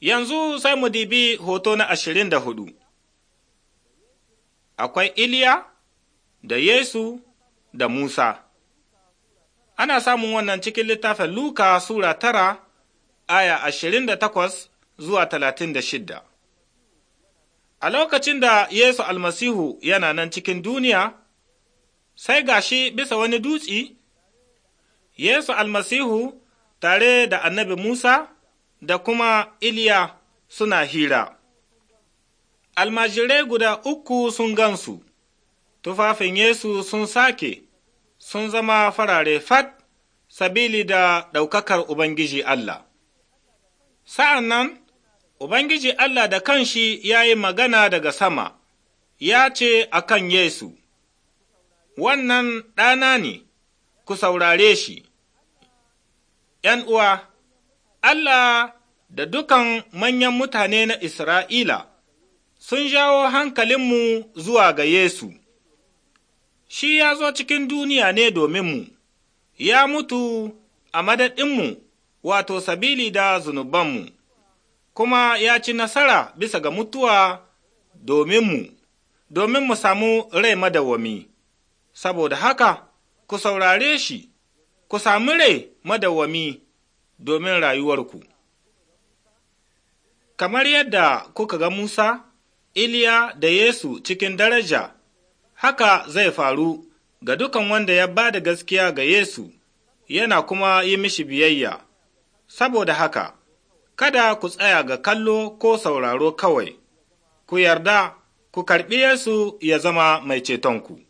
Yanzu sai mu dibi hoto na ashirin da hudu. Akwai Iliya da Yesu da Musa. Ana samun wannan cikin littafin Luka Sura tara, aya ashirin da takwas zuwa talatin da shidda. A lokacin da Yesu almasihu yana nan cikin duniya, sai gashi bisa wani dutsi, Yesu almasihu tare da annabi Musa da kuma Iliya suna hira. Almajirai guda uku sun gansu, tufafin Yesu sun sake, sun zama farare fat, sabili da ɗaukakar Ubangiji Allah. Sa'an nan, Ubangiji Allah da kanshi ya yi magana daga sama, ya ce a kan Yesu, Wannan ɗana ne, ku saurare shi, ’yan uwa. Allah da dukan manyan mutane na Isra'ila sun jawo hankalinmu zuwa ga Yesu, shi ya zo cikin duniya ne mu. ya mutu a madadinmu wato sabili da zunubanmu, kuma ya ci nasara bisa ga mutuwa dominmu, domin mu samu rai madawwami. Saboda haka, ku saurare shi, ku sami rai madawwami. domin rayuwarku. Kamar yadda kuka ga Musa, Iliya da Yesu cikin daraja, haka zai faru ga dukan wanda ya ba da gaskiya ga Yesu, yana kuma yi mishi biyayya. Saboda haka, kada ku tsaya ga kallo ko sauraro kawai, ku yarda ku karɓi Yesu ya zama mai cetonku.